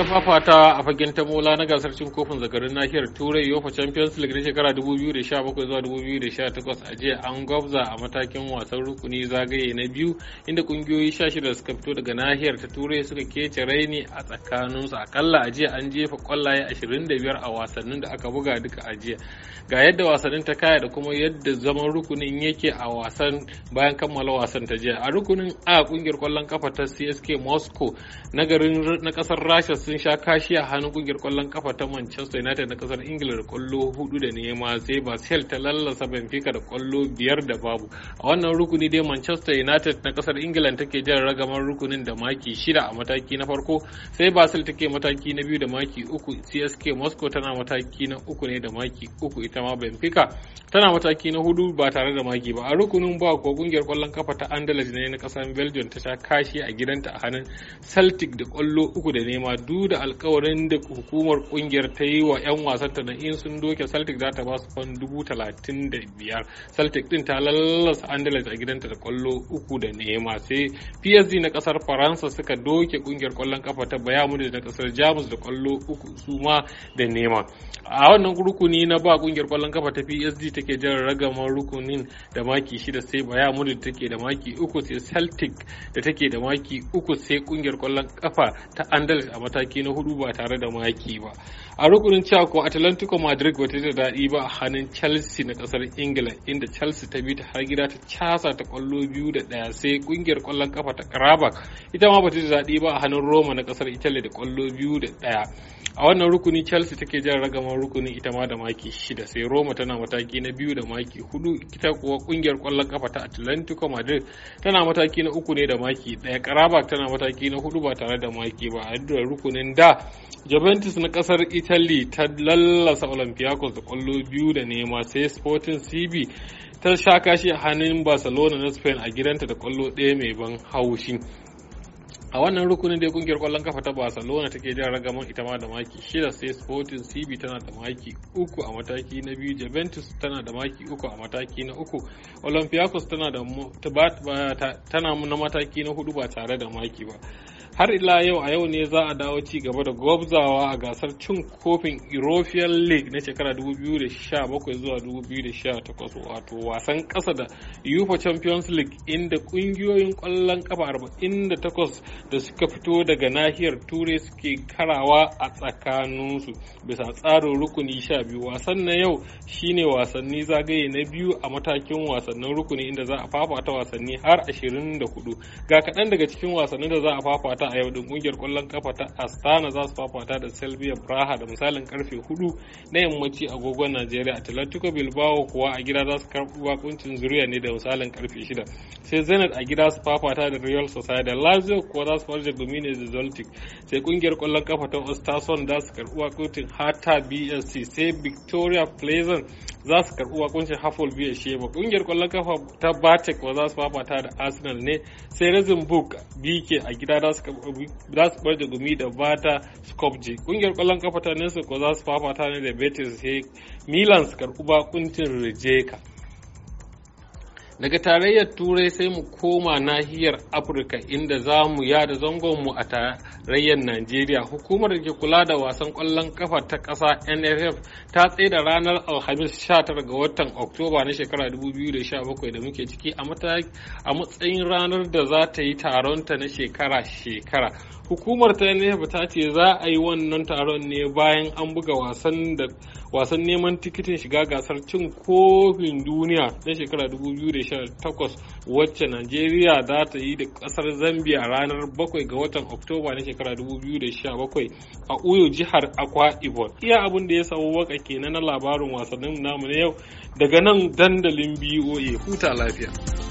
ta fafata a fagen ta mola na gasar cin kofin zakarun nahiyar turai yofa champions league na shekara 2017 zuwa 2018 a jiya an gwabza a matakin wasan rukuni zagaye na biyu inda kungiyoyi 16 suka fito daga nahiyar ta turai suka kece raini a tsakaninsu akalla a jiya an jefa kwallaye 25 a wasannin da aka buga duka a jiya ga yadda wasannin ta kaya da kuma yadda zaman rukunin yake a wasan bayan kammala wasan ta jiya a rukunin a kungiyar kwallon kafa ta csk moscow na garin na kasar rasha sun sha kashi a hannun kungiyar kwallon kafa ta Manchester United na kasar Ingila da kwallo hudu da nema sai Basel ta lallasa Benfica da kwallo biyar da babu. A wannan rukuni dai Manchester United na kasar Ingila take jan ragamar rukunin da maki shida a mataki na farko sai Basel take mataki na biyu da maki uku CSK Moscow tana mataki na uku ne da maki uku ita ma Benfica tana mataki na hudu ba tare da maki ba. A rukunin ba ko kungiyar kwallon kafa ta Andalus ne na kasar Belgium ta sha kashi a gidanta a hannun Celtic da kwallo uku da nema takardu da alkawarin da hukumar kungiyar ta yi wa 'yan ta na in sun doke celtic za ta ba su fan dubu talatin da biyar celtic din ta lallasa andalus a gidanta da kwallo uku da nema sai psd na kasar faransa suka doke kungiyar kwallon kafa ta bayamu da kasar jamus da kwallo uku su ma da nema a wannan rukuni na ba kungiyar kwallon kafa ta psd take jan ragamar rukunin da maki shida sai bayamu da take da maki uku sai celtic da take da maki uku sai kungiyar kwallon kafa ta andalus a mata mataki na hudu ba tare da maki ba a rukunin cewa kuma atlantico madrid ba ta da daɗi ba a hannun chelsea na kasar ingila inda chelsea ta bi ta har gida ta casa ta kwallo biyu da ɗaya sai ƙungiyar kwallon kafa ta karabak ita ma ba ta da daɗi ba a hannun roma na kasar italy da kwallo biyu da ɗaya a wannan rukuni chelsea take jan ragamar rukunin ita ma da maki shida sai roma tana mataki na biyu da maki hudu ita kuwa kungiyar kwallon kafa ta atlantico madrid tana mataki na uku ne da maki daya karaba tana mataki na hudu ba tare da maki ba a da rukunin da juventus na kasar italy ta lallasa olympiacos da kwallo biyu da nema sai sporting cb ta sha kashi a hannun barcelona na spain a gidanta da kwallo ɗaya mai ban haushi a wannan rukunin da kungiyar kwallon kafa ta barcelona take jan ragaman ita ma da maki shida sai sporting cb tana da maki uku a mataki na biyu juventus tana da maki uku a mataki na uku olympiacos tana da tana na mataki na hudu ba tare da maki ba har ila yau a yau ne za a dawo ci gaba da gwabzawa a gasar cin kofin european league na shekara 2017 zuwa 2018 wato wasan kasa da ufa champions league inda kungiyoyin kwallon kafa 48 da suka fito daga nahiyar turai suke karawa a tsakaninsu bisa tsarin rukuni 12 wasan na yau shine wasanni zagaye na biyu a matakin wasannin rukuni inda za a fafata wasanni har 24 ga kaɗan daga cikin wasannin da za a fafata a yau din kungiyar kwallon kafa ta Astana za su fafata da selvia Braha da misalin karfe 4 na yammaci agogon Najeriya Atletico Bilbao kuwa a gida za su karbi bakuncin zuriya ne da misalin karfe 6 sai Zenit a gida su fafata da Real Sociedad Lazio kuwa za su farce Gomine da Celtic sai kungiyar kwallon kafa ta Ostason za su karbi bakuncin Hertha BSC sai Victoria Pleasant za su karɓi kunshin hafol biya shi ba ƙungiyar ƙwallon kafa ta batek ba za su fafata da arsenal ne sai Buk bk a gida za su bar da gumi da bata skopje ƙungiyar ƙwallon kafa ta nesa ko za su fafata ne da betis sai milan su karɓi bakuncin rijeka Daga tarayyar Turai sai mu koma nahiyar Afirka inda za mu yada zangonmu a tarayyar Najeriya. Hukumar da ke kula da wasan kwallon kafa ta ƙasa NFF ta da ranar Alhamis 19 ga watan Oktoba na shekara 2017 da muke ciki a matsayin ranar da za ta yi taronta na shekara-shekara. Hukumar ta NFF ta ce za a yi wannan taron ne bayan an buga wasan neman tikitin shiga gasar cin kofin duniya na shekara 2017. Takwas wacce Najeriya za ta yi da ƙasar Zambia ranar 7 ga watan Oktoba na shekara 2017 a Uyo jihar Akwa Ibom. Iya abin da ya samu waka kenan na labarin wasannin namu na yau daga nan dandalin BOA huta lafiya.